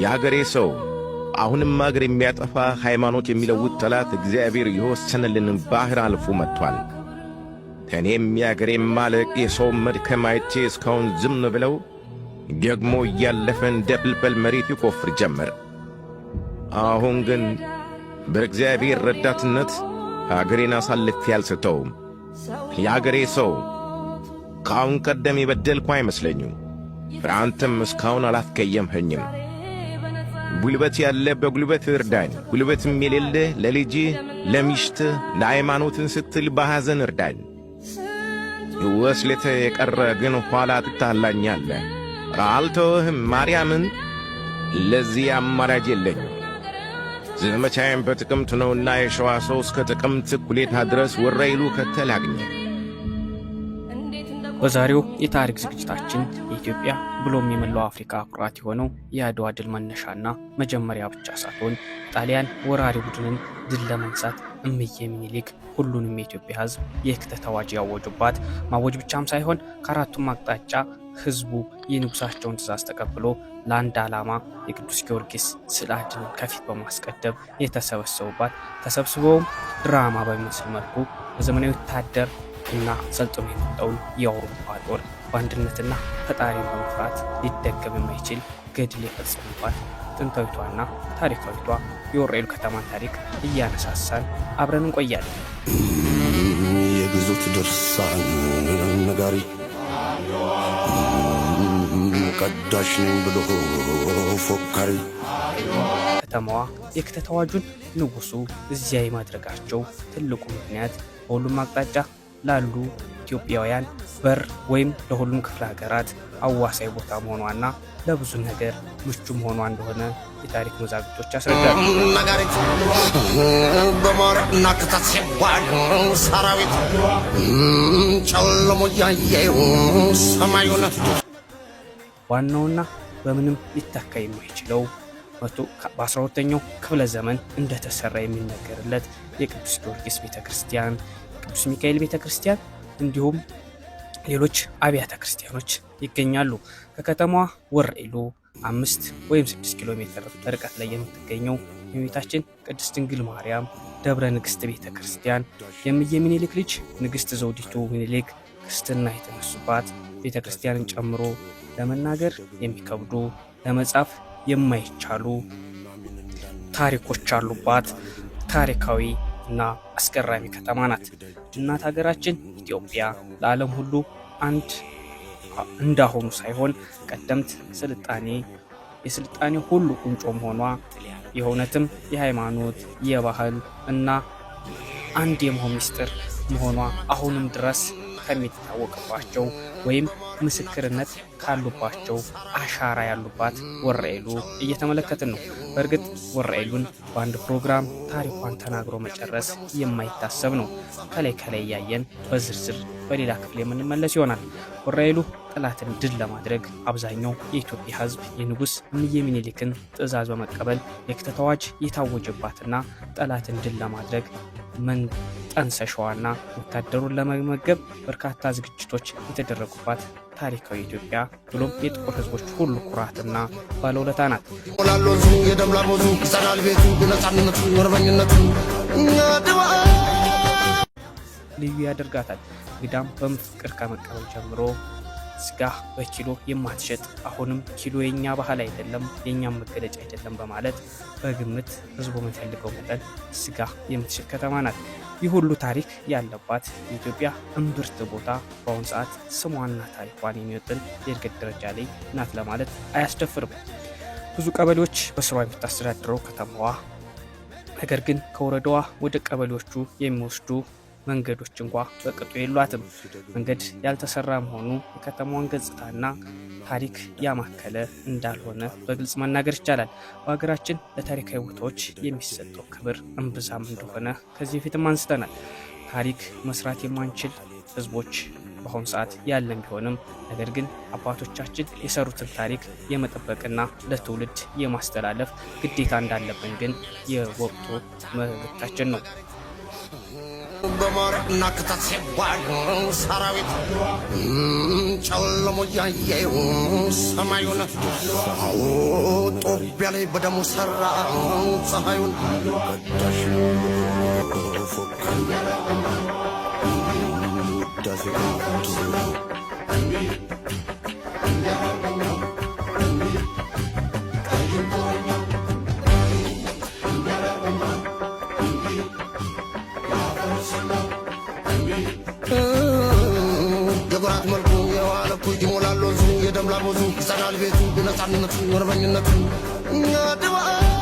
የአገሬ ሰው አሁንም አገር የሚያጠፋ ሃይማኖት የሚለውጥ ጠላት እግዚአብሔር የወሰነልን ባሕር አልፎ መጥቷል። ከእኔም የአገሬ ማለቅ የሰው መድከም አይቼ እስካሁን ዝም ብለው ደግሞ እያለፈ እንደ ፍልፈል መሬት ይቈፍር ጀመር። አሁን ግን በእግዚአብሔር ረዳትነት አገሬን አሳልፌ አልስተውም። የአገሬ ሰው ከአሁን ቀደም የበደልኩ አይመስለኝም። አንተም እስካሁን አላስቀየምኸኝም። ጉልበት ያለ በጉልበት እርዳኝ፣ ጉልበትም የሌለ ለልጅ ለሚሽት ለሃይማኖትን ስትል በሐዘን እርዳኝ። ወስሌተ የቀረ ግን ኋላ ትታላኛለ አልተወህም ማርያምን። ለዚህ አማራጅ የለኝ። ዘመቻዬም በጥቅምት ነውና የሸዋ ሰው እስከ ጥቅምት እኩሌታ ድረስ ወረይሉ ከተላግኘ በዛሬው የታሪክ ዝግጅታችን የኢትዮጵያ ብሎም የመላው አፍሪካ ኩራት የሆነው የአድዋ ድል መነሻና መጀመሪያ ብቻ ሳትሆን ጣሊያን ወራሪ ቡድንን ድል ለመንሳት እምዬ ምኒልክ ሁሉንም የኢትዮጵያ ሕዝብ የክተት አዋጅ ያወጁባት፣ ማወጅ ብቻም ሳይሆን ከአራቱም አቅጣጫ ሕዝቡ የንጉሳቸውን ትእዛዝ ተቀብሎ ለአንድ ዓላማ የቅዱስ ጊዮርጊስ ስዕል አድህኖን ከፊት በማስቀደም የተሰበሰቡባት ተሰብስበውም ድራማ በሚመስል መልኩ በዘመናዊ ወታደር እና ሰልጥኖ የመጣውን የአውሮፓ ጦር በአንድነትና ፈጣሪ በመፍራት ሊደገም የማይችል ገድል የፈጸሙባት ጥንታዊቷና ታሪካዊቷ የወረኢሉ ከተማን ታሪክ እያነሳሳን አብረን እንቆያለን። የግዞት ድርሳን ነጋሪ ቀዳሽ ነኝ ብሎ ፎካሪ ከተማዋ የክተት አዋጁን ንጉሱ እዚያ የማድረጋቸው ትልቁ ምክንያት በሁሉም አቅጣጫ ላሉ ኢትዮጵያውያን በር ወይም ለሁሉም ክፍለ ሀገራት አዋሳኝ ቦታ መሆኗና ለብዙ ነገር ምቹ መሆኗ እንደሆነ የታሪክ መዛግብቶች ያስረዳሉ። ነጋሪት ሲባል ሰራዊት ሰማዩን ዋናውና በምንም ሊታካ የማይችለው በ12ኛው ክፍለ ዘመን እንደተሰራ የሚነገርለት የቅዱስ ጊዮርጊስ ቤተ ክርስቲያን ቅዱስ ሚካኤል ቤተ ክርስቲያን እንዲሁም ሌሎች አብያተ ክርስቲያኖች ይገኛሉ። ከከተማዋ ወረኢሉ አምስት ወይም ስድስት ኪሎ ሜትር ርቀት ላይ የምትገኘው የእመቤታችን ቅድስት ድንግል ማርያም ደብረ ንግሥት ቤተ ክርስቲያን የእምዬ ምኒልክ ልጅ ንግሥት ዘውዲቱ ምኒልክ ክርስትና የተነሱባት ቤተ ክርስቲያንን ጨምሮ ለመናገር የሚከብዱ ለመጻፍ የማይቻሉ ታሪኮች አሉባት ታሪካዊ እና አስገራሚ ከተማ ናት። እናት ሀገራችን ኢትዮጵያ ለዓለም ሁሉ አንድ እንዳሆኑ ሳይሆን ቀደምት ስልጣኔ የስልጣኔ ሁሉ ቁንጮ መሆኗ የእውነትም የሃይማኖት የባህል እና አንድ የመሆን ምስጢር መሆኗ አሁንም ድረስ ከሚታወቅባቸው ወይም ምስክርነት ካሉባቸው አሻራ ያሉባት ወረኤሉ እየተመለከትን ነው። በእርግጥ ወረኤሉን በአንድ ፕሮግራም ታሪኳን ተናግሮ መጨረስ የማይታሰብ ነው። ከላይ ከላይ እያየን በዝርዝር በሌላ ክፍል የምንመለስ ይሆናል። ወረኤሉ ጠላትን ድል ለማድረግ አብዛኛው የኢትዮጵያ ሕዝብ የንጉሥ እምዬ ምኒልክን ትዕዛዝ በመቀበል የክተት አዋጅ የታወጀባትና ጠላትን ድል ለማድረግ መንጠንሰሻዋና ወታደሩን ለመመገብ በርካታ ዝግጅቶች የተደረጉባት ታሪካዊ ኢትዮጵያ ብሎም የጥቁር ህዝቦች ሁሉ ኩራትና ባለውለታ ናት። ላሎዙ የደም ላሞቱ ቤቱ ነፃነቱ ወርበኝነቱ ልዩ ያደርጋታል። እንግዳም በምፍቅር ከመቀበል ጀምሮ ስጋ በኪሎ የማትሸጥ አሁንም ኪሎ የኛ ባህል አይደለም፣ የእኛም መገለጫ አይደለም በማለት በግምት ህዝቡ የሚፈልገው መጠን ስጋ የምትሸጥ ከተማ ናት። ይህ ሁሉ ታሪክ ያለባት የኢትዮጵያ እምብርት ቦታ በአሁኑ ሰዓት ስሟና ታሪኳን የሚወጥን የእድገት ደረጃ ላይ ናት ለማለት አያስደፍርም። ብዙ ቀበሌዎች በስሯ የምታስተዳድረው ከተማዋ ነገር ግን ከወረዳዋ ወደ ቀበሌዎቹ የሚወስዱ መንገዶች እንኳ በቅጡ የሏትም። መንገድ ያልተሰራ መሆኑ የከተማዋን ገጽታና ታሪክ ያማከለ እንዳልሆነ በግልጽ መናገር ይቻላል። በሀገራችን ለታሪካዊ ቦታዎች የሚሰጠው ክብር እምብዛም እንደሆነ ከዚህ በፊትም አንስተናል። ታሪክ መስራት የማንችል ህዝቦች በአሁኑ ሰዓት ያለን ቢሆንም ነገር ግን አባቶቻችን የሰሩትን ታሪክ የመጠበቅና ለትውልድ የማስተላለፍ ግዴታ እንዳለብን ግን የወቅቱ መልእክታችን ነው። በመረቅና ክተት ሲባል ሰራዊት ጨለሞ ያየው ሰማዩን ጦቢያ ላይ በደሙ ሰራ ፀሐዩን ቅዳሽ ፎካል ዳሴ የጉራት መልኩ የዋለኩ ይሞላል ወንዙ የደም ላል ወዙ ይጸናል ቤቱ የነፃነቱ ወርበኝነቱ እኛ ድባ